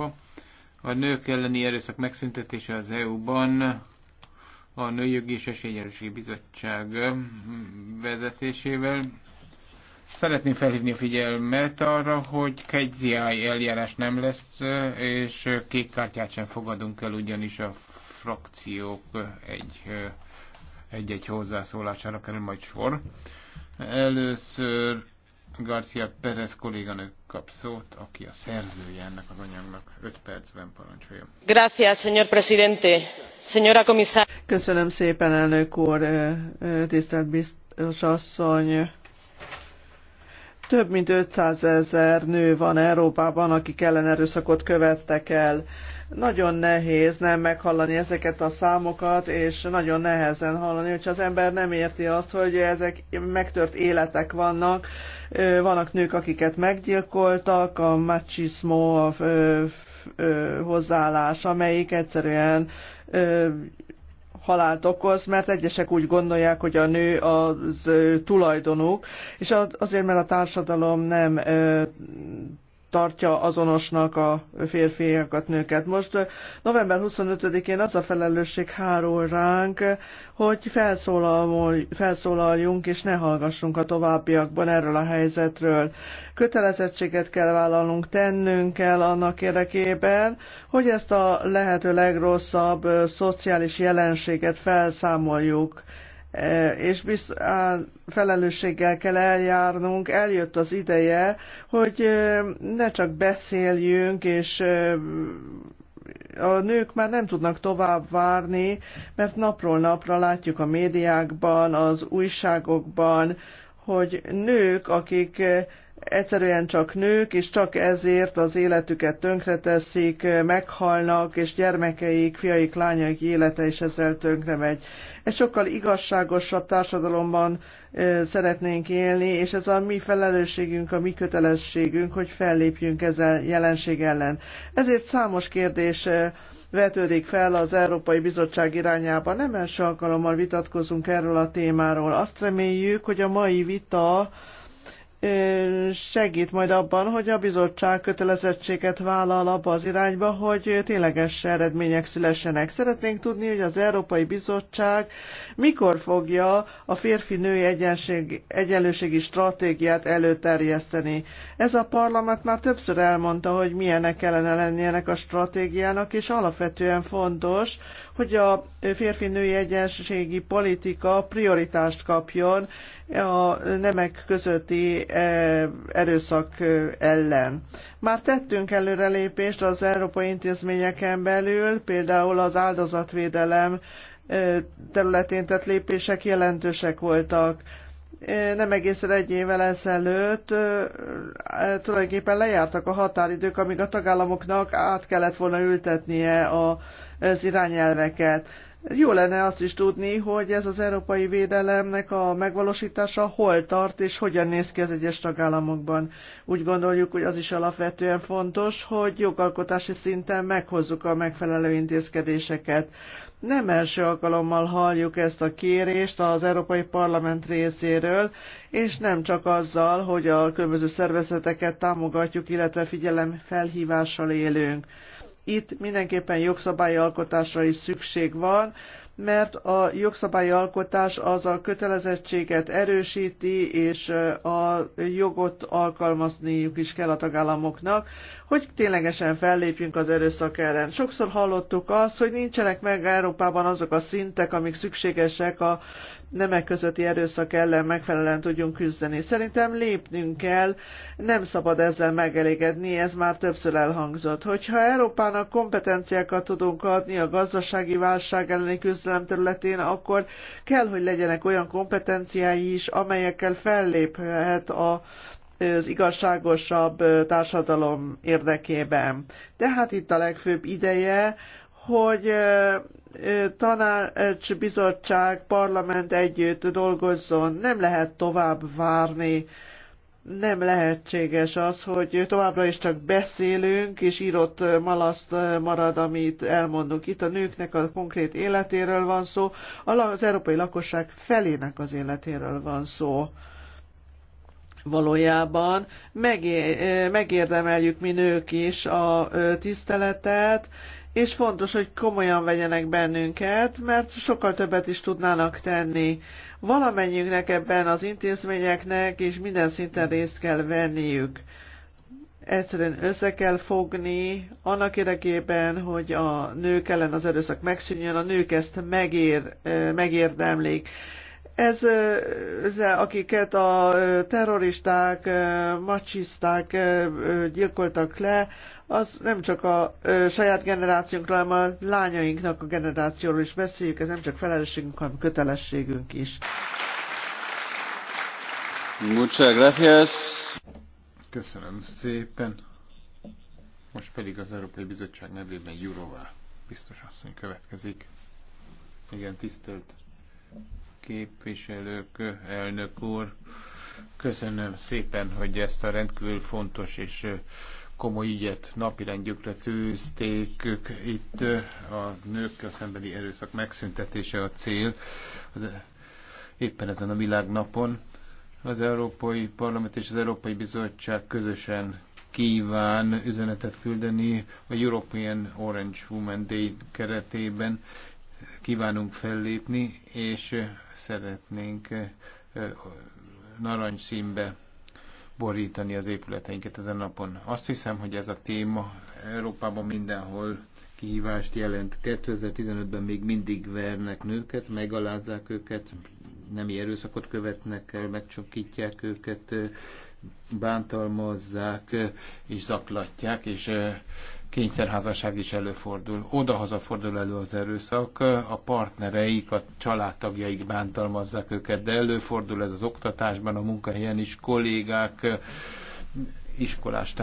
országokba. A nők elleni erőszak megszüntetése az EU-ban a Nőjogi és Esélyegyenlőségi Bizottság vezetésével. Szeretném felhívni a figyelmet arra, hogy kegyziáj eljárás nem lesz, és kék kártyát sem fogadunk el, ugyanis a frakciók egy, egy-egy hozzászólására kerül majd sor. Először Garcia Perez kolléganő kap szót, aki a szerzője ennek az anyagnak. 5 percben parancsolja. Gracias, señor presidente. Señora comisar. Köszönöm szépen, elnök úr, tisztelt biztos asszony. Több mint 500 ezer nő van Európában, akik ellenerőszakot követtek el nagyon nehéz nem meghallani ezeket a számokat, és nagyon nehezen hallani, hogyha az ember nem érti azt, hogy ezek megtört életek vannak, vannak nők, akiket meggyilkoltak, a machismo, a hozzáállás, amelyik egyszerűen halált okoz, mert egyesek úgy gondolják, hogy a nő az tulajdonuk, és azért, mert a társadalom nem tartja azonosnak a férfiakat, nőket. Most november 25-én az a felelősség hárul ránk, hogy felszólaljunk és ne hallgassunk a továbbiakban erről a helyzetről. Kötelezettséget kell vállalnunk, tennünk kell annak érdekében, hogy ezt a lehető legrosszabb szociális jelenséget felszámoljuk és bizt, á, felelősséggel kell eljárnunk, eljött az ideje, hogy ne csak beszéljünk, és a nők már nem tudnak tovább várni, mert napról napra látjuk a médiákban, az újságokban, hogy nők, akik egyszerűen csak nők, és csak ezért az életüket tönkreteszik, meghalnak, és gyermekeik, fiaik, lányaik élete is ezzel tönkre megy. Egy sokkal igazságosabb társadalomban szeretnénk élni, és ez a mi felelősségünk, a mi kötelességünk, hogy fellépjünk ezzel jelenség ellen. Ezért számos kérdés vetődik fel az Európai Bizottság irányába. Nem első alkalommal vitatkozunk erről a témáról. Azt reméljük, hogy a mai vita segít majd abban, hogy a bizottság kötelezettséget vállal abba az irányba, hogy tényleges eredmények szülessenek. Szeretnénk tudni, hogy az Európai Bizottság mikor fogja a férfi-női egyenlőségi stratégiát előterjeszteni. Ez a parlament már többször elmondta, hogy milyenek kellene lennie ennek a stratégiának, és alapvetően fontos, hogy a férfi-női egyenségi politika prioritást kapjon a nemek közötti e, erőszak e, ellen. Már tettünk előrelépést az európai intézményeken belül, például az áldozatvédelem e, területén tett lépések jelentősek voltak nem egészen egy évvel ezelőtt tulajdonképpen lejártak a határidők, amíg a tagállamoknak át kellett volna ültetnie a az irányelveket. Jó lenne azt is tudni, hogy ez az európai védelemnek a megvalósítása hol tart és hogyan néz ki az egyes tagállamokban. Úgy gondoljuk, hogy az is alapvetően fontos, hogy jogalkotási szinten meghozzuk a megfelelő intézkedéseket. Nem első alkalommal halljuk ezt a kérést az Európai Parlament részéről, és nem csak azzal, hogy a különböző szervezeteket támogatjuk, illetve figyelem felhívással élünk itt mindenképpen jogszabályalkotásra is szükség van, mert a jogszabályalkotás az a kötelezettséget erősíti, és a jogot alkalmazniuk is kell a tagállamoknak, hogy ténylegesen fellépjünk az erőszak ellen. Sokszor hallottuk azt, hogy nincsenek meg Európában azok a szintek, amik szükségesek a nemek közötti erőszak ellen megfelelően tudjunk küzdeni. Szerintem lépnünk kell, nem szabad ezzel megelégedni, ez már többször elhangzott. Hogyha Európának kompetenciákat tudunk adni a gazdasági válság elleni küzdelem területén, akkor kell, hogy legyenek olyan kompetenciái is, amelyekkel felléphet a az igazságosabb társadalom érdekében. Tehát itt a legfőbb ideje, hogy tanács, bizottság, parlament együtt dolgozzon. Nem lehet tovább várni. Nem lehetséges az, hogy továbbra is csak beszélünk, és írott malaszt marad, amit elmondunk. Itt a nőknek a konkrét életéről van szó, az európai lakosság felének az életéről van szó valójában. Megé- megérdemeljük mi nők is a tiszteletet, és fontos, hogy komolyan vegyenek bennünket, mert sokkal többet is tudnának tenni. Valamennyiünknek ebben az intézményeknek és minden szinten részt kell venniük. Egyszerűen össze kell fogni annak érdekében, hogy a nők ellen az erőszak megszűnjön, a nők ezt megér, megérdemlik. Ez, ez, akiket a terroristák, macsiszták gyilkoltak le, az nem csak a ö, saját generációnkra, hanem a lányainknak a generációról is beszéljük, ez nem csak felelősségünk, hanem kötelességünk is. Muchas gracias. Köszönöm szépen. Most pedig az Európai Bizottság nevében Jurová biztos asszony következik. Igen, tisztelt képviselők, elnök úr, köszönöm szépen, hogy ezt a rendkívül fontos és komoly ügyet napirendjükre tűzték. Itt a nőkkel szembeni erőszak megszüntetése a cél. Az, éppen ezen a világnapon az Európai Parlament és az Európai Bizottság közösen kíván üzenetet küldeni a European Orange Women Day keretében. Kívánunk fellépni, és szeretnénk narancs színbe borítani az épületeinket ezen napon. Azt hiszem, hogy ez a téma Európában mindenhol kihívást jelent. 2015-ben még mindig vernek nőket, megalázzák őket, nem erőszakot követnek el, megcsokítják őket, bántalmazzák és zaklatják, és kényszerházasság is előfordul. Oda-haza fordul elő az erőszak, a partnereik, a családtagjaik bántalmazzák őket, de előfordul ez az oktatásban, a munkahelyen is kollégák iskolás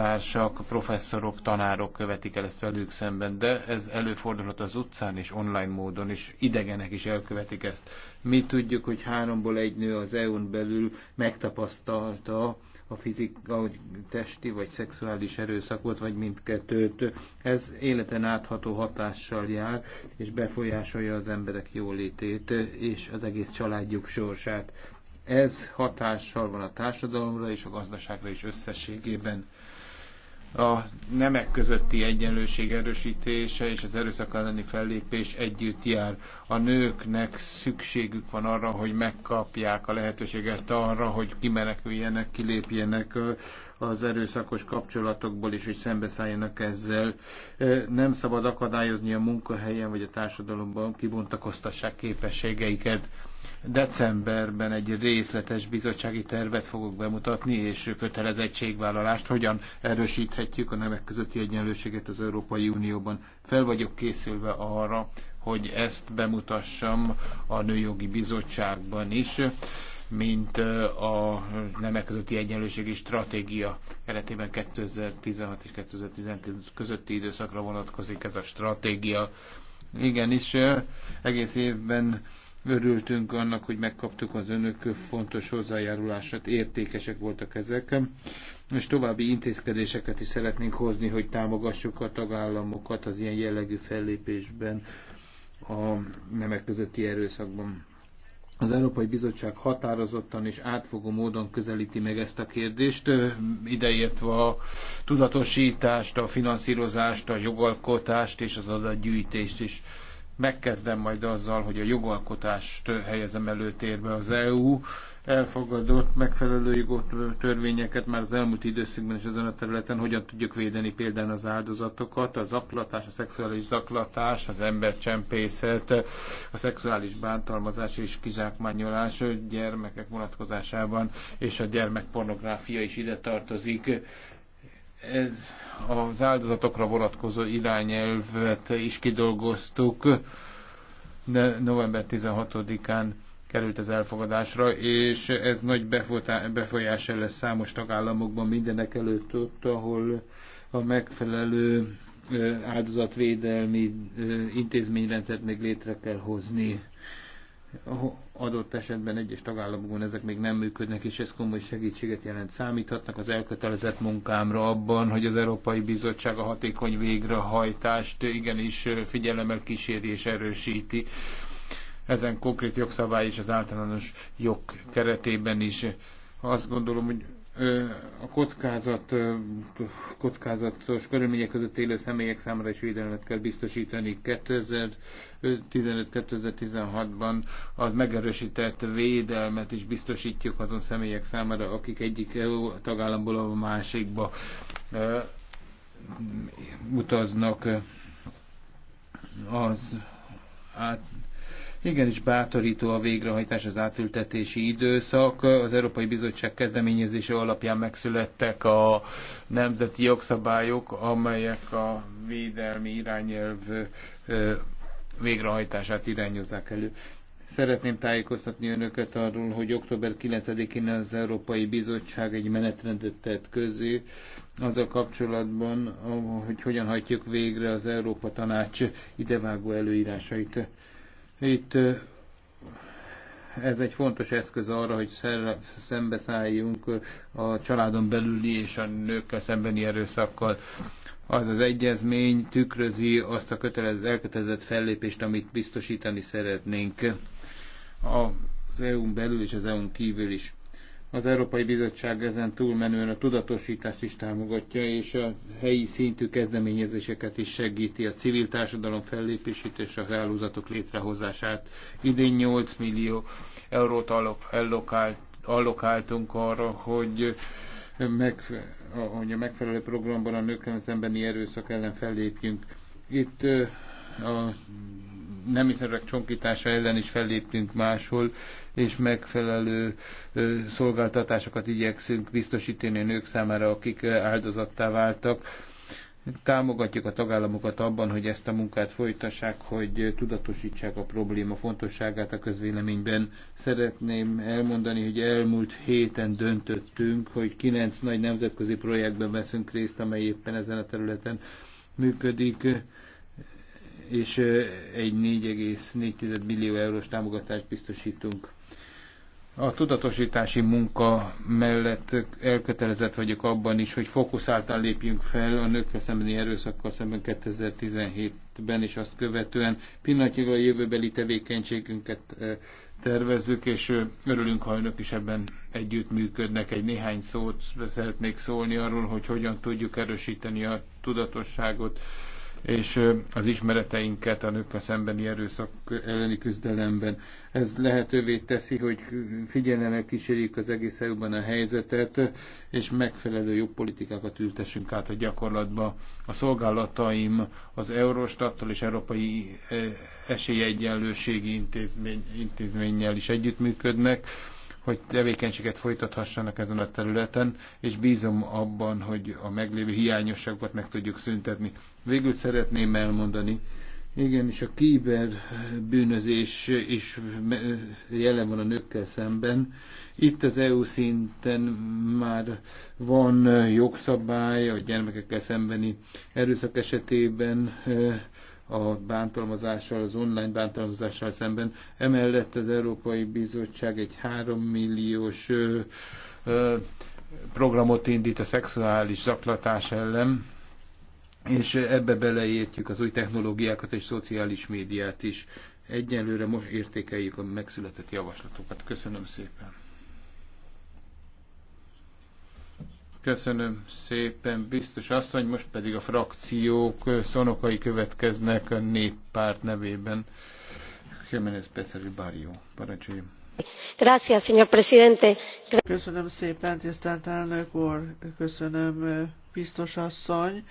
professzorok, tanárok követik el ezt velük szemben, de ez előfordulhat az utcán és online módon, és idegenek is elkövetik ezt. Mi tudjuk, hogy háromból egy nő az EU-n belül megtapasztalta a fizika, vagy testi vagy szexuális erőszakot, vagy mindkettőt. Ez életen átható hatással jár, és befolyásolja az emberek jólétét és az egész családjuk sorsát ez hatással van a társadalomra és a gazdaságra is összességében. A nemek közötti egyenlőség erősítése és az erőszak elleni fellépés együtt jár. A nőknek szükségük van arra, hogy megkapják a lehetőséget arra, hogy kimeneküljenek, kilépjenek az erőszakos kapcsolatokból is, hogy szembeszálljanak ezzel. Nem szabad akadályozni a munkahelyen vagy a társadalomban kibontakoztassák képességeiket Decemberben egy részletes bizottsági tervet fogok bemutatni, és kötelezettségvállalást, hogyan erősíthetjük a nemek közötti egyenlőséget az Európai Unióban. Fel vagyok készülve arra, hogy ezt bemutassam a Nőjogi Bizottságban is mint eh, a nemek közötti egyenlőségi stratégia keretében 2016 és 2019 közötti időszakra vonatkozik ez a stratégia. Igen és eh, egész évben örültünk annak, hogy megkaptuk az önök fontos hozzájárulását, értékesek voltak ezek, és további intézkedéseket is szeretnénk hozni, hogy támogassuk a tagállamokat az ilyen jellegű fellépésben a nemek közötti erőszakban. Az Európai Bizottság határozottan és átfogó módon közelíti meg ezt a kérdést, ideértve a tudatosítást, a finanszírozást, a jogalkotást és az adatgyűjtést is. Megkezdem majd azzal, hogy a jogalkotást helyezem előtérbe az EU elfogadott megfelelő jogtörvényeket már az elmúlt időszakban és ezen a területen hogyan tudjuk védeni például az áldozatokat, a zaklatás, a szexuális zaklatás, az embercsempészet, a szexuális bántalmazás és kizsákmányolás gyermekek vonatkozásában, és a gyermekpornográfia is ide tartozik ez az áldozatokra vonatkozó irányelvet is kidolgoztuk, de november 16-án került az elfogadásra, és ez nagy befolyása lesz számos tagállamokban mindenek előtt ott, ahol a megfelelő áldozatvédelmi intézményrendszert még létre kell hozni adott esetben egyes tagállamokon ezek még nem működnek, és ez komoly segítséget jelent. Számíthatnak az elkötelezett munkámra abban, hogy az Európai Bizottság a hatékony végrehajtást igenis figyelemmel kíséri és erősíti. Ezen konkrét jogszabály és az általános jog keretében is azt gondolom, hogy a kockázat, kockázatos körülmények között élő személyek számára is védelmet kell biztosítani. 2015-2016-ban az megerősített védelmet is biztosítjuk azon személyek számára, akik egyik EU tagállamból a másikba utaznak az át, Igenis bátorító a végrehajtás, az átültetési időszak. Az Európai Bizottság kezdeményezése alapján megszülettek a nemzeti jogszabályok, amelyek a védelmi irányelv végrehajtását irányozzák elő. Szeretném tájékoztatni önöket arról, hogy október 9-én az Európai Bizottság egy menetrendet tett közé azzal kapcsolatban, hogy hogyan hajtjuk végre az Európa Tanács idevágó előírásait. Itt ez egy fontos eszköz arra, hogy szembeszálljunk a családon belüli és a nőkkel szembeni erőszakkal. Az az egyezmény tükrözi azt a kötelez, elkötelezett fellépést, amit biztosítani szeretnénk az EU-n belül és az EU-n kívül is. Az Európai Bizottság ezen túlmenően a tudatosítást is támogatja, és a helyi szintű kezdeményezéseket is segíti a civil társadalom fellépését és a hálózatok létrehozását. Idén 8 millió eurót allokált, allokáltunk arra, hogy meg, a megfelelő programban a nőkkel emberi erőszak ellen fellépjünk. Itt a nem nemiszerek csonkítása ellen is felléptünk máshol, és megfelelő szolgáltatásokat igyekszünk biztosítani a nők számára, akik áldozattá váltak. Támogatjuk a tagállamokat abban, hogy ezt a munkát folytassák, hogy tudatosítsák a probléma fontosságát a közvéleményben. Szeretném elmondani, hogy elmúlt héten döntöttünk, hogy kilenc nagy nemzetközi projektben veszünk részt, amely éppen ezen a területen működik és egy 4,4 millió eurós támogatást biztosítunk. A tudatosítási munka mellett elkötelezett vagyok abban is, hogy fókuszáltan lépjünk fel a nőkkel szembeni erőszakkal szemben 2017-ben, és azt követően pillanatnyilag a jövőbeli tevékenységünket tervezzük, és örülünk, ha önök is ebben együtt működnek. Egy néhány szót szeretnék szólni arról, hogy hogyan tudjuk erősíteni a tudatosságot és az ismereteinket a nőkkel szembeni erőszak elleni küzdelemben. Ez lehetővé teszi, hogy figyelemmel kísérjük az egész eu a helyzetet, és megfelelő jobb politikákat ültessünk át a gyakorlatba. A szolgálataim az Eurostattal és Európai Esélyegyenlőségi Intézmény, Intézménnyel is együttműködnek, hogy tevékenységet folytathassanak ezen a területen, és bízom abban, hogy a meglévő hiányosságokat meg tudjuk szüntetni. Végül szeretném elmondani, igen, és a kíber bűnözés is jelen van a nőkkel szemben. Itt az EU szinten már van jogszabály a gyermekekkel szembeni erőszak esetében a bántalmazással, az online bántalmazással szemben. Emellett az Európai Bizottság egy 3 milliós ö, ö, programot indít a szexuális zaklatás ellen, és ebbe beleértjük az új technológiákat és szociális médiát is. Egyelőre most értékeljük a megszületett javaslatokat. Köszönöm szépen! Köszönöm szépen, biztos asszony, most pedig a frakciók szonokai következnek a néppárt nevében. Jiménez Becerri Barrio, parancsoljon. Gracias, señor presidente. Köszönöm szépen, tisztelt elnök úr, köszönöm biztos asszony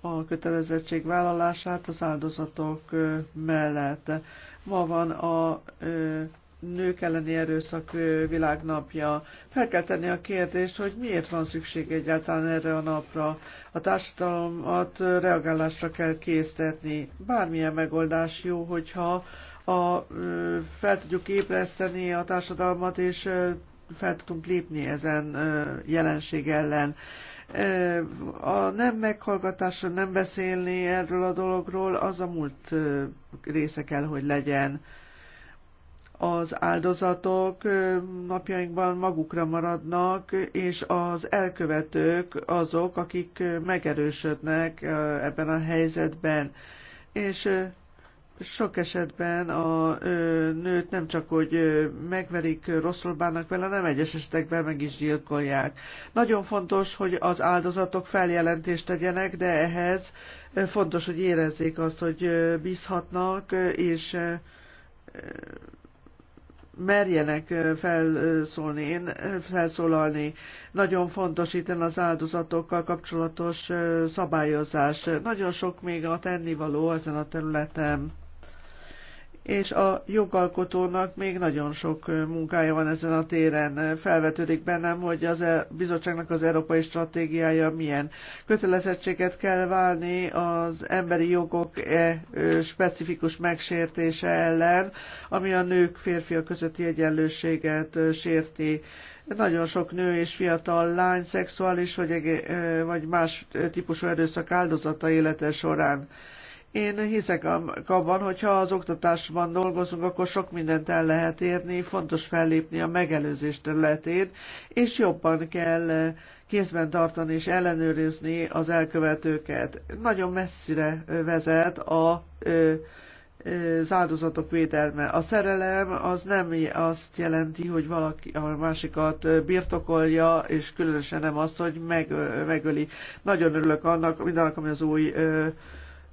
a kötelezettség vállalását az áldozatok mellett. Ma van a nők elleni erőszak világnapja. Fel kell tenni a kérdést, hogy miért van szükség egyáltalán erre a napra. A társadalmat reagálásra kell késztetni. Bármilyen megoldás jó, hogyha a, fel tudjuk ébreszteni a társadalmat, és fel tudunk lépni ezen jelenség ellen. A nem meghallgatásra, nem beszélni erről a dologról, az a múlt része kell, hogy legyen az áldozatok napjainkban magukra maradnak, és az elkövetők azok, akik megerősödnek ebben a helyzetben. És sok esetben a nőt nem csak, hogy megverik, rosszul bánnak vele, nem egyes esetekben meg is gyilkolják. Nagyon fontos, hogy az áldozatok feljelentést tegyenek, de ehhez fontos, hogy érezzék azt, hogy bízhatnak, és merjenek felszólni, én felszólalni. Nagyon fontos itt az áldozatokkal kapcsolatos szabályozás. Nagyon sok még a tennivaló ezen a területen és a jogalkotónak még nagyon sok munkája van ezen a téren. Felvetődik bennem, hogy az e bizottságnak az európai stratégiája milyen kötelezettséget kell válni az emberi jogok -e specifikus megsértése ellen, ami a nők férfiak közötti egyenlőséget sérti nagyon sok nő és fiatal lány szexuális vagy, vagy más típusú erőszak áldozata élete során. Én hiszek abban, hogyha az oktatásban dolgozunk, akkor sok mindent el lehet érni, fontos fellépni a megelőzés területén, és jobban kell kézben tartani és ellenőrizni az elkövetőket. Nagyon messzire vezet a az áldozatok védelme. A szerelem az nem azt jelenti, hogy valaki a másikat birtokolja, és különösen nem azt, hogy meg, megöli. Nagyon örülök annak, mindannak, ami az új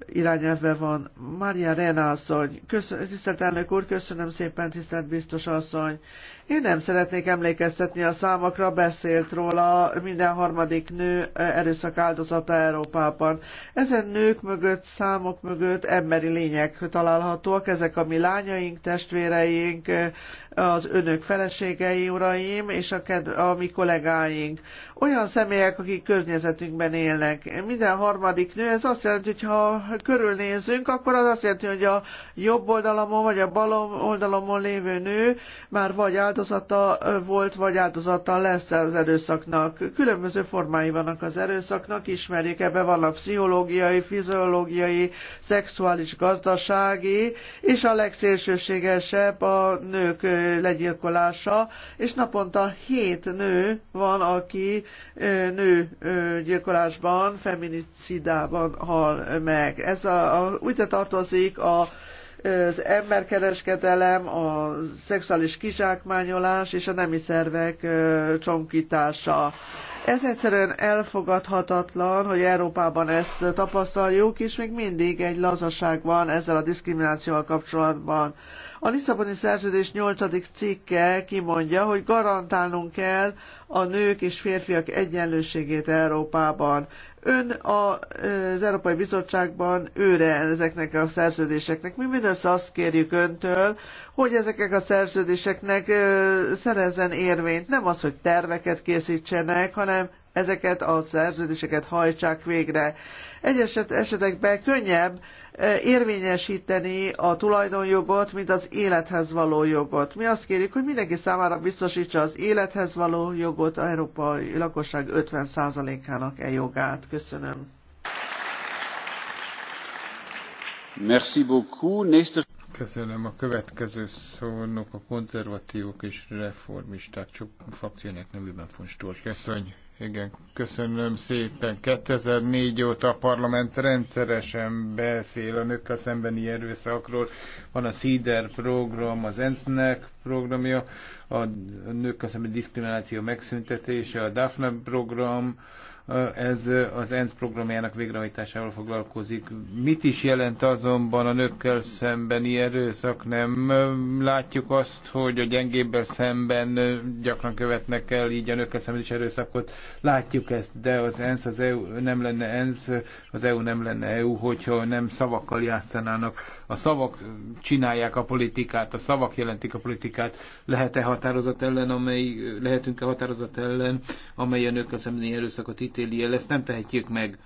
irányelve van. Mária Rena asszony, köszön, tisztelt elnök úr, köszönöm szépen, tisztelt biztos asszony. Én nem szeretnék emlékeztetni a számokra, beszélt róla minden harmadik nő eh, erőszak áldozata Európában. Ezen nők mögött, számok mögött emberi lények találhatóak, ezek a mi lányaink, testvéreink, eh, az önök feleségei, uraim, és a, ked- a mi kollégáink. Olyan személyek, akik környezetünkben élnek. Minden harmadik nő, ez azt jelenti, hogy ha körülnézünk, akkor az azt jelenti, hogy a jobb oldalamon vagy a bal oldalamon lévő nő már vagy áldozat, áldozata volt, vagy áldozata lesz az erőszaknak. Különböző formái vannak az erőszaknak, ismerjék ebbe vannak pszichológiai, fiziológiai, szexuális, gazdasági, és a legszélsőségesebb a nők legyilkolása, és naponta hét nő van, aki nő gyilkolásban, feminicidában hal meg. Ez a, a, úgy tartozik a az emberkereskedelem, a szexuális kizsákmányolás és a nemi szervek csonkítása. Ez egyszerűen elfogadhatatlan, hogy Európában ezt tapasztaljuk, és még mindig egy lazaság van ezzel a diszkriminációval kapcsolatban. A Lisszaboni szerződés 8. cikke kimondja, hogy garantálnunk kell a nők és férfiak egyenlőségét Európában. Ön a, az Európai Bizottságban őre ezeknek a szerződéseknek. Mi mindössze azt kérjük öntől, hogy ezeknek a szerződéseknek szerezzen érvényt. Nem az, hogy terveket készítsenek, hanem ezeket a szerződéseket hajtsák végre. Egyes esetekben könnyebb e, érvényesíteni a tulajdonjogot, mint az élethez való jogot. Mi azt kérjük, hogy mindenki számára biztosítsa az élethez való jogot, a európai lakosság 50%-ának e jogát. Köszönöm. Merci beaucoup. Néztek... Köszönöm. A következő szónok a konzervatívok és reformisták csak frakciónak nevében von Storch. Köszönjük. Igen, köszönöm szépen. 2004 óta a parlament rendszeresen beszél a nőkkel szembeni erőszakról. Van a CIDER program, az ENSZ-nek programja, a nőkkel szembeni diszkrimináció megszüntetése, a DAFNA program, ez az ENSZ programjának végrehajtásával foglalkozik. Mit is jelent azonban a nőkkel szembeni erőszak? Nem látjuk azt, hogy a gyengébbel szemben gyakran követnek el így a nőkkel szemben is erőszakot. Látjuk ezt, de az ENSZ az EU nem lenne ENSZ, az EU nem lenne EU, hogyha nem szavakkal játszanának. A szavak csinálják a politikát, a szavak jelentik a politikát. Lehet-e határozat ellen, amely, lehetünk-e határozat ellen, amely a nőkkel szembeni erőszakot itt ítéli el, ezt nem tehetjük meg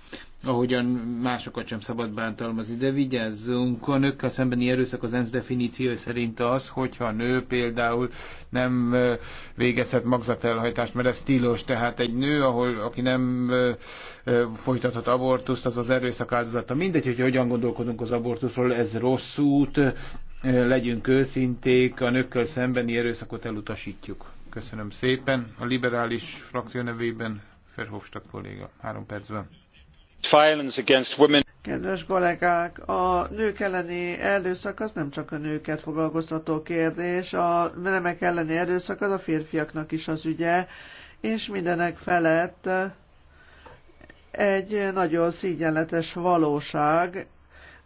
ahogyan másokat sem szabad bántalmazni, de vigyázzunk, a nőkkel szembeni erőszak az ENSZ definíció szerint az, hogyha a nő például nem végezhet magzatelhajtást, mert ez stílus, tehát egy nő, ahol, aki nem folytathat abortuszt, az az erőszak áldozata. Mindegy, hogy hogyan gondolkodunk az abortuszról, ez rossz út, legyünk őszinték, a nőkkel szembeni erőszakot elutasítjuk. Köszönöm szépen. A liberális frakció nevében Ferhofstadt kolléga, három percben. Violence against women. Kedves kollégák, a nők elleni erőszak az nem csak a nőket foglalkoztató kérdés, a nemek elleni erőszak az a férfiaknak is az ügye, és mindenek felett egy nagyon szígyenletes valóság,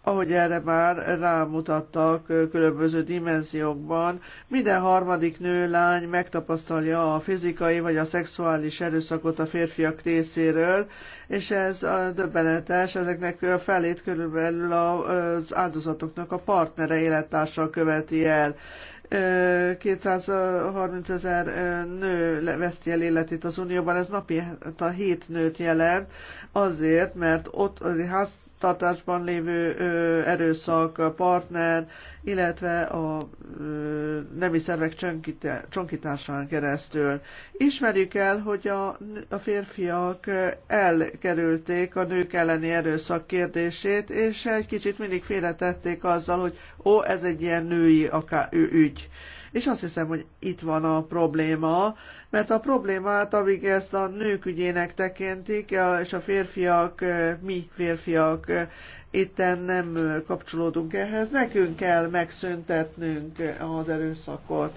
ahogy erre már rámutattak különböző dimenziókban, minden harmadik nő lány megtapasztalja a fizikai vagy a szexuális erőszakot a férfiak részéről, és ez döbbenetes, ezeknek felét körülbelül az áldozatoknak a partnere élettársal követi el. 230 ezer nő veszti el életét az Unióban, ez napi a hét nőt jelent, azért, mert ott tartásban lévő erőszak, partner, illetve a nemi szervek csonkításán keresztül. Ismerjük el, hogy a, a férfiak elkerülték a nők elleni erőszak kérdését, és egy kicsit mindig félretették azzal, hogy ó, ez egy ilyen női ügy és azt hiszem, hogy itt van a probléma, mert a problémát, amíg ezt a nők ügyének tekintik, és a férfiak, mi férfiak itten nem kapcsolódunk ehhez, nekünk kell megszüntetnünk az erőszakot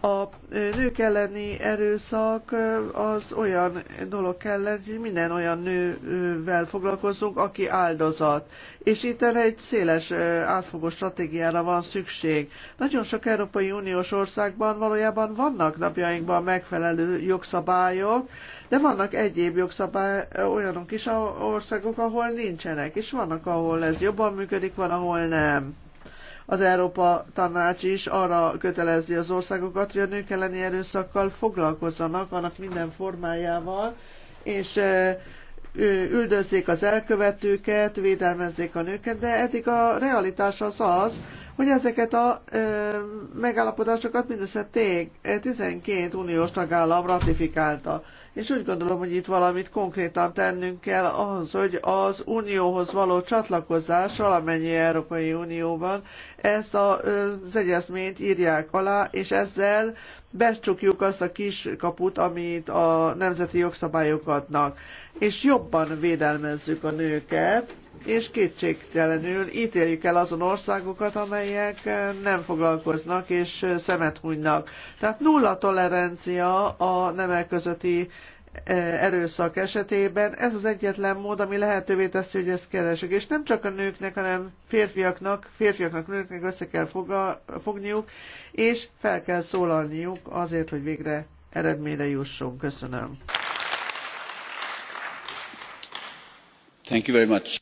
a nők elleni erőszak az olyan dolog kellett, hogy minden olyan nővel foglalkozunk, aki áldozat. És itt egy széles átfogó stratégiára van szükség. Nagyon sok Európai Uniós országban valójában vannak napjainkban megfelelő jogszabályok, de vannak egyéb jogszabály olyanok is a országok, ahol nincsenek, és vannak, ahol ez jobban működik, van, ahol nem az Európa Tanács is arra kötelezi az országokat, hogy a nők elleni erőszakkal foglalkozzanak, annak minden formájával, és üldözzék az elkövetőket, védelmezzék a nőket, de eddig a realitás az az, hogy ezeket a ö, megállapodásokat mindössze tég, 12 uniós tagállam ratifikálta és úgy gondolom, hogy itt valamit konkrétan tennünk kell ahhoz, hogy az unióhoz való csatlakozás valamennyi Európai Unióban ezt a, az egyezményt írják alá, és ezzel becsukjuk azt a kis kaput, amit a nemzeti jogszabályok adnak, és jobban védelmezzük a nőket, és kétségtelenül ítéljük el azon országokat, amelyek eh, nem foglalkoznak és eh, szemet hunynak. Tehát nulla tolerancia a nemek közötti eh, erőszak esetében. Ez az egyetlen mód, ami lehetővé teszi, hogy ezt keresek. És nem csak a nőknek, hanem férfiaknak, férfiaknak, nőknek össze kell foga, fogniuk, és fel kell szólalniuk azért, hogy végre eredményre jusson. Köszönöm. Thank you very much.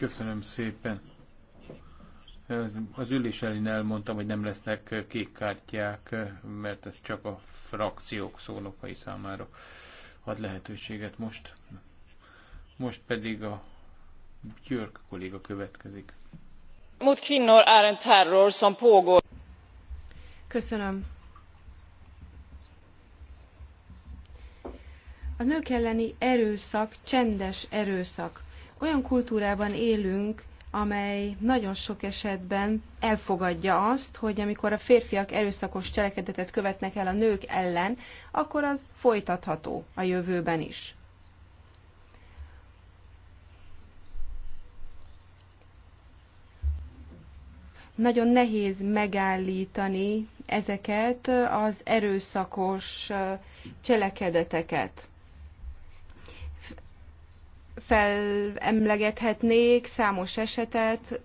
Köszönöm szépen. Az ülés elén elmondtam, hogy nem lesznek kék kártyák, mert ez csak a frakciók szónokai számára ad lehetőséget most. Most pedig a Györk kolléga következik. terror Köszönöm. A nők elleni erőszak csendes erőszak olyan kultúrában élünk, amely nagyon sok esetben elfogadja azt, hogy amikor a férfiak erőszakos cselekedetet követnek el a nők ellen, akkor az folytatható a jövőben is. Nagyon nehéz megállítani ezeket az erőszakos cselekedeteket felemlegethetnék számos esetet,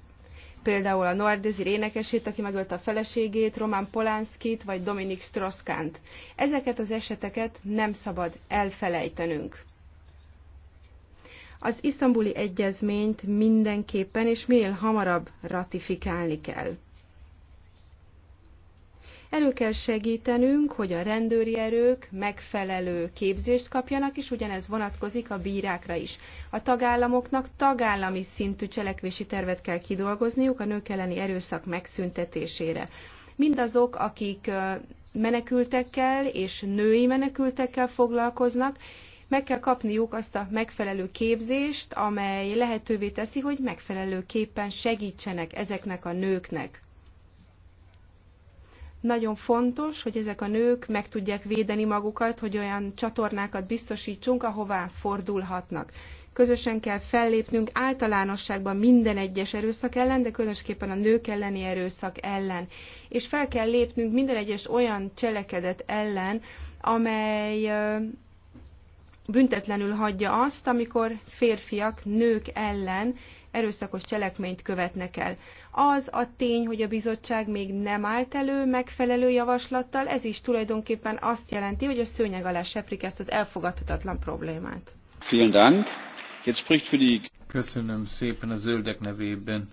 például a Nordezi énekesét, aki megölte a feleségét, Román Polánszkit vagy Dominik Stroszkánt. Ezeket az eseteket nem szabad elfelejtenünk. Az isztambuli egyezményt mindenképpen és minél hamarabb ratifikálni kell. Elő kell segítenünk, hogy a rendőri erők megfelelő képzést kapjanak, és ugyanez vonatkozik a bírákra is. A tagállamoknak tagállami szintű cselekvési tervet kell kidolgozniuk a nők elleni erőszak megszüntetésére. Mindazok, akik menekültekkel és női menekültekkel foglalkoznak, meg kell kapniuk azt a megfelelő képzést, amely lehetővé teszi, hogy megfelelőképpen segítsenek ezeknek a nőknek. Nagyon fontos, hogy ezek a nők meg tudják védeni magukat, hogy olyan csatornákat biztosítsunk, ahová fordulhatnak. Közösen kell fellépnünk általánosságban minden egyes erőszak ellen, de különösképpen a nők elleni erőszak ellen. És fel kell lépnünk minden egyes olyan cselekedet ellen, amely büntetlenül hagyja azt, amikor férfiak nők ellen erőszakos cselekményt követnek el. Az a tény, hogy a bizottság még nem állt elő megfelelő javaslattal, ez is tulajdonképpen azt jelenti, hogy a szőnyeg alá seprik ezt az elfogadhatatlan problémát. Vielen Dank. Jetzt spricht für die... Köszönöm szépen a zöldek nevében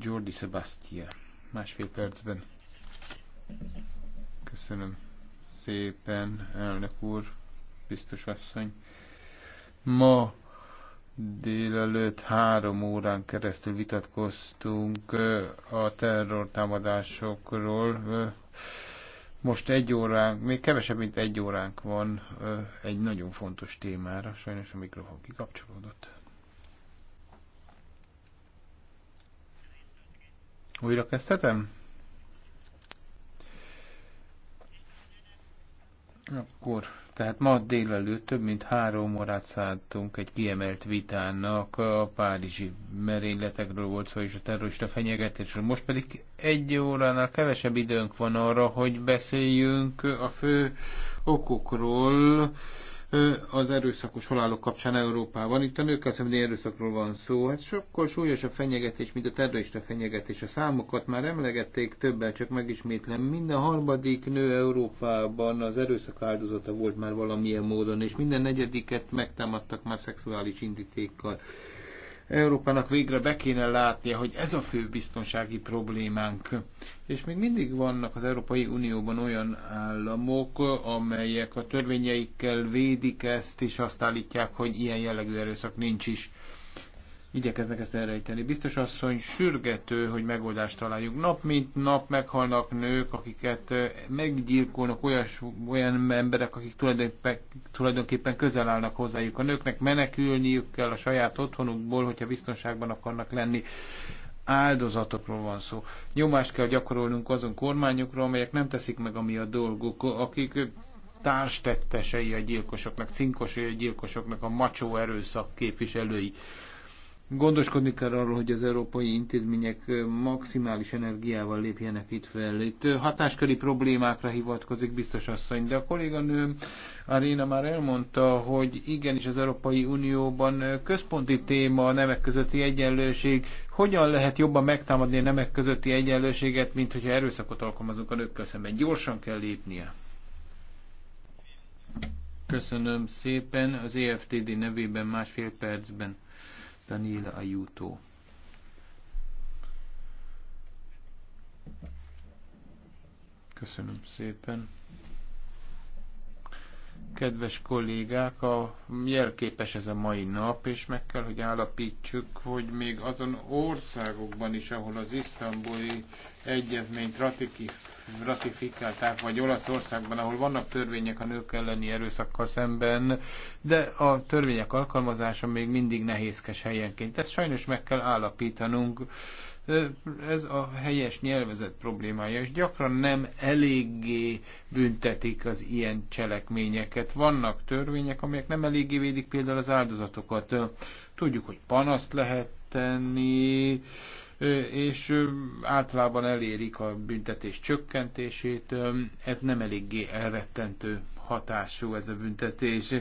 Jordi Sebastia. Másfél percben. Köszönöm szépen, elnök úr, biztos asszony. Ma délelőtt három órán keresztül vitatkoztunk a terrortámadásokról. Most egy óránk, még kevesebb, mint egy óránk van egy nagyon fontos témára. Sajnos a mikrofon kikapcsolódott. Újra kezdhetem? Akkor tehát ma délelőtt több mint három órát szálltunk egy kiemelt vitának, a párizsi merényletekről volt szó és a terrorista fenyegetésről. Most pedig egy óránál kevesebb időnk van arra, hogy beszéljünk a fő okokról, az erőszakos halálok kapcsán Európában. Itt a nőkkel szemben erőszakról van szó. Ez hát sokkal súlyosabb fenyegetés, mint a terrorista fenyegetés. A számokat már emlegették többen, csak megismétlem. Minden harmadik nő Európában az erőszak áldozata volt már valamilyen módon, és minden negyediket megtámadtak már szexuális indítékkal. Európának végre be kéne látnia, hogy ez a fő biztonsági problémánk. És még mindig vannak az Európai Unióban olyan államok, amelyek a törvényeikkel védik ezt, és azt állítják, hogy ilyen jellegű erőszak nincs is igyekeznek ezt elrejteni. Biztos asszony sürgető, hogy megoldást találjunk. Nap mint nap meghalnak nők, akiket meggyilkolnak olyas, olyan emberek, akik tulajdonképpen, tulajdonképpen közel állnak hozzájuk. A nőknek menekülniük kell a saját otthonukból, hogyha biztonságban akarnak lenni. Áldozatokról van szó. Nyomást kell gyakorolnunk azon kormányokra, amelyek nem teszik meg, ami a dolguk, akik társtettesei a gyilkosoknak, cinkosai a gyilkosoknak, a macsó erőszak képviselői. Gondoskodni kell arról, hogy az európai intézmények maximális energiával lépjenek itt fel. Itt hatásköri problémákra hivatkozik biztos asszony, de a kolléganőm Aréna már elmondta, hogy igenis az Európai Unióban központi téma a nemek közötti egyenlőség. Hogyan lehet jobban megtámadni a nemek közötti egyenlőséget, mint hogyha erőszakot alkalmazunk a nőkkel szemben? Gyorsan kell lépnie. Köszönöm szépen. Az EFTD nevében másfél percben. Daniela Ayuto. Köszönöm szépen. Kedves kollégák, a jelképes ez a mai nap, és meg kell, hogy állapítsuk, hogy még azon országokban is, ahol az isztambuli egyezményt ratifikálták, vagy Olaszországban, ahol vannak törvények a nők elleni erőszakkal szemben, de a törvények alkalmazása még mindig nehézkes helyenként. Ezt sajnos meg kell állapítanunk. Ez a helyes nyelvezet problémája, és gyakran nem eléggé büntetik az ilyen cselekményeket. Vannak törvények, amelyek nem eléggé védik például az áldozatokat. Tudjuk, hogy panaszt lehet tenni, és általában elérik a büntetés csökkentését. Ez nem eléggé elrettentő hatású ez a büntetés.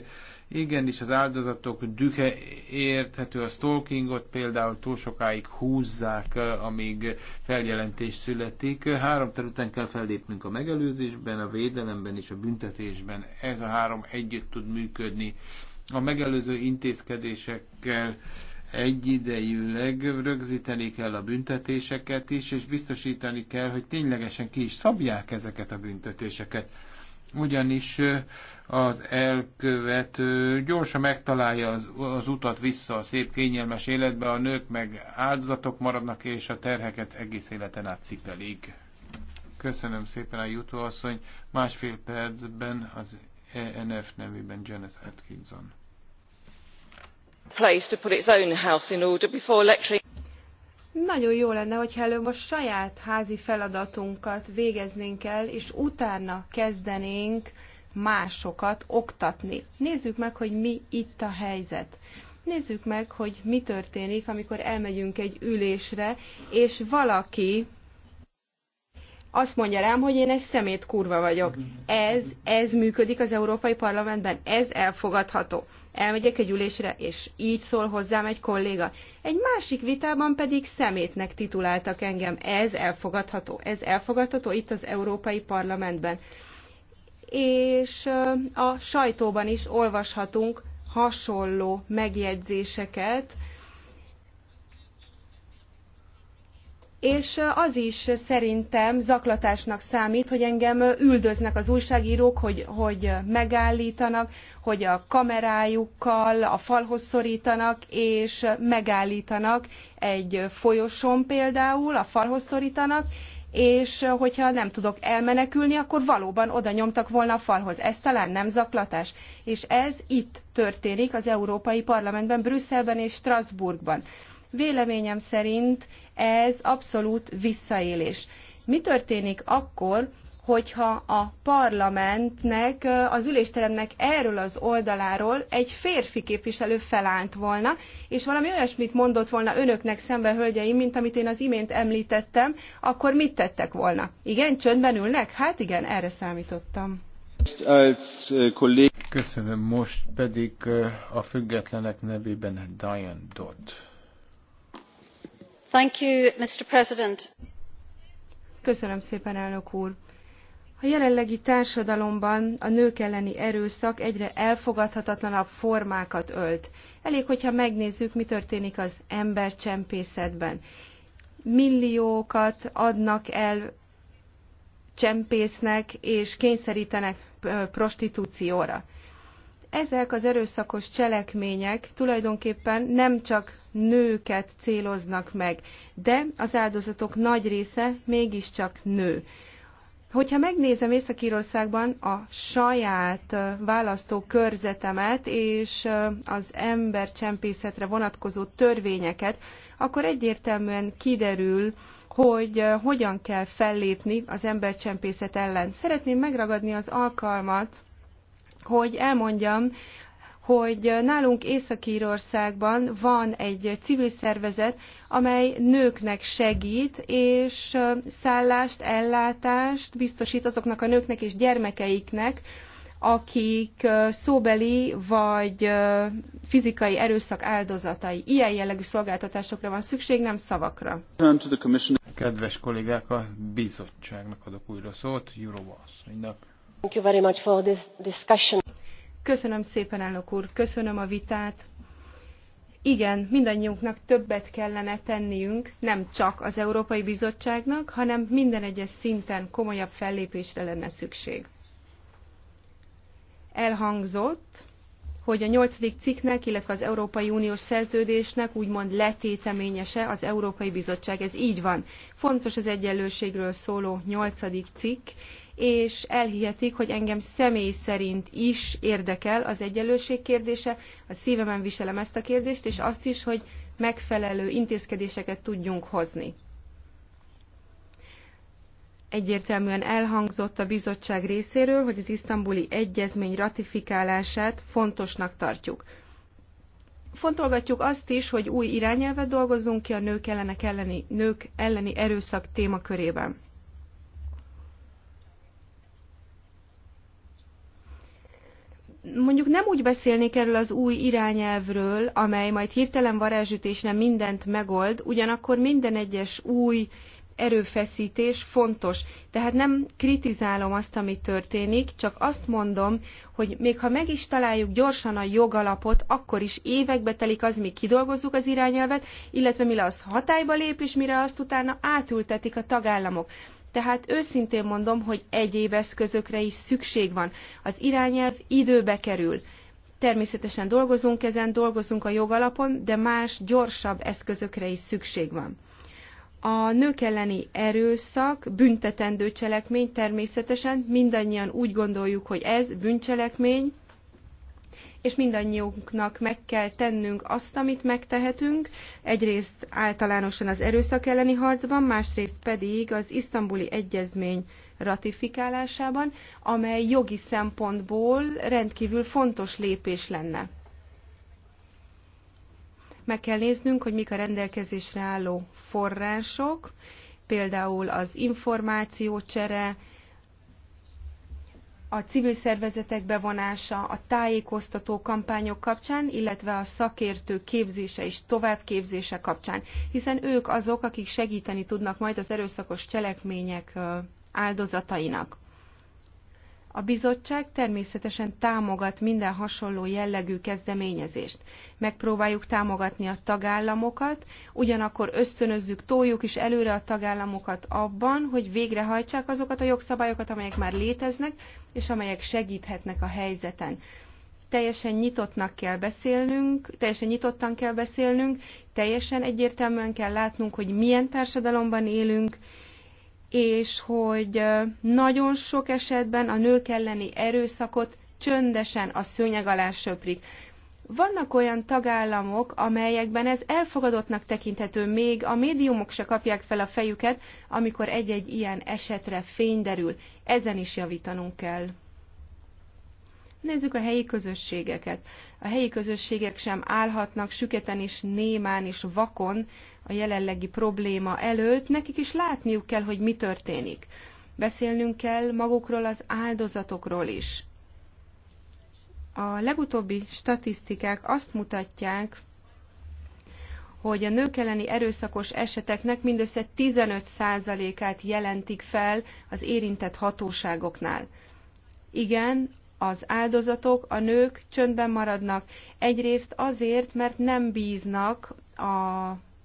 Igen, és az áldozatok dühe érthető, a stalkingot például túl sokáig húzzák, amíg feljelentés születik. Három területen kell fellépnünk a megelőzésben, a védelemben és a büntetésben. Ez a három együtt tud működni. A megelőző intézkedésekkel egyidejűleg rögzíteni kell a büntetéseket is, és biztosítani kell, hogy ténylegesen ki is szabják ezeket a büntetéseket. Ugyanis az elkövető gyorsan megtalálja az, az utat vissza a szép kényelmes életbe, a nők meg áldozatok maradnak, és a terheket egész életen át cipelik. Köszönöm szépen a jutóasszony. Másfél percben az ENF nevében Janet Atkinson place to put its own house in order before lecturing. Nagyon jó lenne, hogyha előbb a saját házi feladatunkat végeznénk el, és utána kezdenénk másokat oktatni. Nézzük meg, hogy mi itt a helyzet. Nézzük meg, hogy mi történik, amikor elmegyünk egy ülésre, és valaki azt mondja rám, hogy én egy szemét kurva vagyok. Ez, ez működik az Európai Parlamentben, ez elfogadható. Elmegyek egy ülésre, és így szól hozzám egy kolléga. Egy másik vitában pedig szemétnek tituláltak engem. Ez elfogadható. Ez elfogadható itt az Európai Parlamentben. És a sajtóban is olvashatunk hasonló megjegyzéseket, és az is szerintem zaklatásnak számít, hogy engem üldöznek az újságírók, hogy, hogy megállítanak, hogy a kamerájukkal a falhoz szorítanak, és megállítanak egy folyosón például, a falhoz szorítanak, és hogyha nem tudok elmenekülni, akkor valóban oda nyomtak volna a falhoz. Ez talán nem zaklatás. És ez itt történik az Európai Parlamentben, Brüsszelben és Strasbourgban. Véleményem szerint ez abszolút visszaélés. Mi történik akkor, hogyha a parlamentnek, az ülésteremnek erről az oldaláról egy férfi képviselő felállt volna, és valami olyasmit mondott volna önöknek szembe, hölgyeim, mint amit én az imént említettem, akkor mit tettek volna? Igen, csöndben ülnek? Hát igen, erre számítottam. Köszönöm, most pedig eh, a függetlenek nevében Diane Dodd szépen, elnök úr! A jelenlegi társadalomban a nők elleni erőszak egyre elfogadhatatlanabb formákat ölt. Elég, hogyha megnézzük, mi történik az embercsempészetben. Milliókat adnak el csempésznek és kényszerítenek prostitúcióra. Ezek az erőszakos cselekmények tulajdonképpen nem csak nőket céloznak meg, de az áldozatok nagy része mégiscsak nő. Hogyha megnézem Észak-Írországban a saját választó körzetemet és az embercsempészetre vonatkozó törvényeket, akkor egyértelműen kiderül, hogy hogyan kell fellépni az embercsempészet ellen. Szeretném megragadni az alkalmat, hogy elmondjam, hogy nálunk Észak-Írországban van egy civil szervezet, amely nőknek segít, és szállást, ellátást biztosít azoknak a nőknek és gyermekeiknek, akik szóbeli vagy fizikai erőszak áldozatai. Ilyen jellegű szolgáltatásokra van szükség, nem szavakra. Kedves kollégák, a bizottságnak adok újra szót, Jurova asszonynak. Thank you very much for this discussion. Köszönöm szépen, elnök úr, köszönöm a vitát. Igen, mindannyiunknak többet kellene tenniünk, nem csak az Európai Bizottságnak, hanem minden egyes szinten komolyabb fellépésre lenne szükség. Elhangzott, hogy a nyolcadik cikknek, illetve az Európai Uniós szerződésnek úgymond letéteményese az Európai Bizottság. Ez így van. Fontos az egyenlőségről szóló nyolcadik cikk, és elhihetik, hogy engem személy szerint is érdekel az egyenlőség kérdése, a szívemen viselem ezt a kérdést, és azt is, hogy megfelelő intézkedéseket tudjunk hozni. Egyértelműen elhangzott a bizottság részéről, hogy az isztambuli egyezmény ratifikálását fontosnak tartjuk. Fontolgatjuk azt is, hogy új irányelvet dolgozzunk ki a nők, ellenek elleni, nők elleni erőszak témakörében. mondjuk nem úgy beszélnék erről az új irányelvről, amely majd hirtelen varázsütésre mindent megold, ugyanakkor minden egyes új erőfeszítés fontos. Tehát nem kritizálom azt, ami történik, csak azt mondom, hogy még ha meg is találjuk gyorsan a jogalapot, akkor is évekbe telik az, mi kidolgozzuk az irányelvet, illetve mire az hatályba lép, és mire azt utána átültetik a tagállamok tehát őszintén mondom, hogy egyéb eszközökre is szükség van. Az irányelv időbe kerül. Természetesen dolgozunk ezen, dolgozunk a jogalapon, de más, gyorsabb eszközökre is szükség van. A nők elleni erőszak büntetendő cselekmény természetesen, mindannyian úgy gondoljuk, hogy ez bűncselekmény, és mindannyiunknak meg kell tennünk azt, amit megtehetünk, egyrészt általánosan az erőszak elleni harcban, másrészt pedig az isztambuli egyezmény ratifikálásában, amely jogi szempontból rendkívül fontos lépés lenne. Meg kell néznünk, hogy mik a rendelkezésre álló források, például az információcsere, a civil szervezetek bevonása, a tájékoztató kampányok kapcsán, illetve a szakértő képzése és továbbképzése kapcsán, hiszen ők azok, akik segíteni tudnak majd az erőszakos cselekmények áldozatainak. A bizottság természetesen támogat minden hasonló jellegű kezdeményezést. Megpróbáljuk támogatni a tagállamokat, ugyanakkor ösztönözzük, toljuk is előre a tagállamokat abban, hogy végrehajtsák azokat a jogszabályokat, amelyek már léteznek, és amelyek segíthetnek a helyzeten teljesen nyitottnak kell beszélnünk, teljesen nyitottan kell beszélnünk, teljesen egyértelműen kell látnunk, hogy milyen társadalomban élünk, és hogy nagyon sok esetben a nők elleni erőszakot csöndesen a szőnyeg alá söprik. Vannak olyan tagállamok, amelyekben ez elfogadottnak tekinthető, még a médiumok se kapják fel a fejüket, amikor egy-egy ilyen esetre fény derül. Ezen is javítanunk kell. Nézzük a helyi közösségeket. A helyi közösségek sem állhatnak süketen és némán és vakon a jelenlegi probléma előtt, nekik is látniuk kell, hogy mi történik. Beszélnünk kell magukról az áldozatokról is. A legutóbbi statisztikák azt mutatják, hogy a nők elleni erőszakos eseteknek mindössze 15%-át jelentik fel az érintett hatóságoknál. Igen, az áldozatok, a nők csöndben maradnak. Egyrészt azért, mert nem bíznak a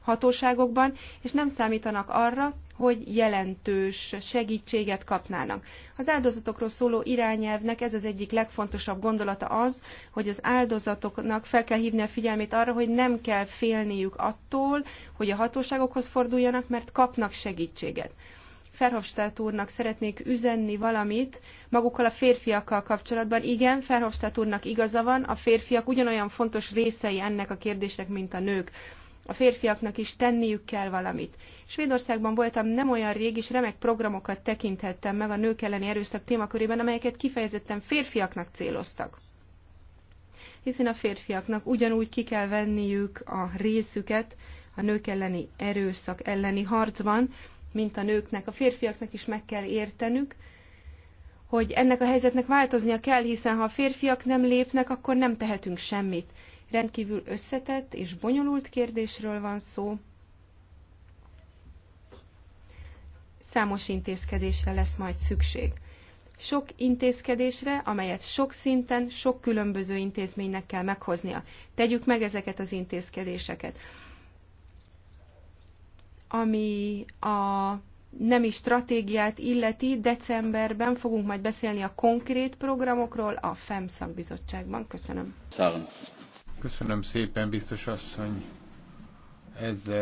hatóságokban, és nem számítanak arra, hogy jelentős segítséget kapnának. Az áldozatokról szóló irányelvnek ez az egyik legfontosabb gondolata az, hogy az áldozatoknak fel kell hívni a figyelmét arra, hogy nem kell félniük attól, hogy a hatóságokhoz forduljanak, mert kapnak segítséget. Ferhofstadt úrnak szeretnék üzenni valamit magukkal a férfiakkal kapcsolatban. Igen, Ferhofstadt úrnak igaza van, a férfiak ugyanolyan fontos részei ennek a kérdésnek, mint a nők. A férfiaknak is tenniük kell valamit. Svédországban voltam nem olyan rég, és remek programokat tekinthettem meg a nők elleni erőszak témakörében, amelyeket kifejezetten férfiaknak céloztak hiszen a férfiaknak ugyanúgy ki kell venniük a részüket a nők elleni erőszak elleni harcban, mint a nőknek, a férfiaknak is meg kell értenük, hogy ennek a helyzetnek változnia kell, hiszen ha a férfiak nem lépnek, akkor nem tehetünk semmit. Rendkívül összetett és bonyolult kérdésről van szó. Számos intézkedésre lesz majd szükség. Sok intézkedésre, amelyet sok szinten, sok különböző intézménynek kell meghoznia. Tegyük meg ezeket az intézkedéseket ami a nemi stratégiát illeti, decemberben fogunk majd beszélni a konkrét programokról a FEM szakbizottságban. Köszönöm. Köszönöm szépen, biztos asszony. Ezzel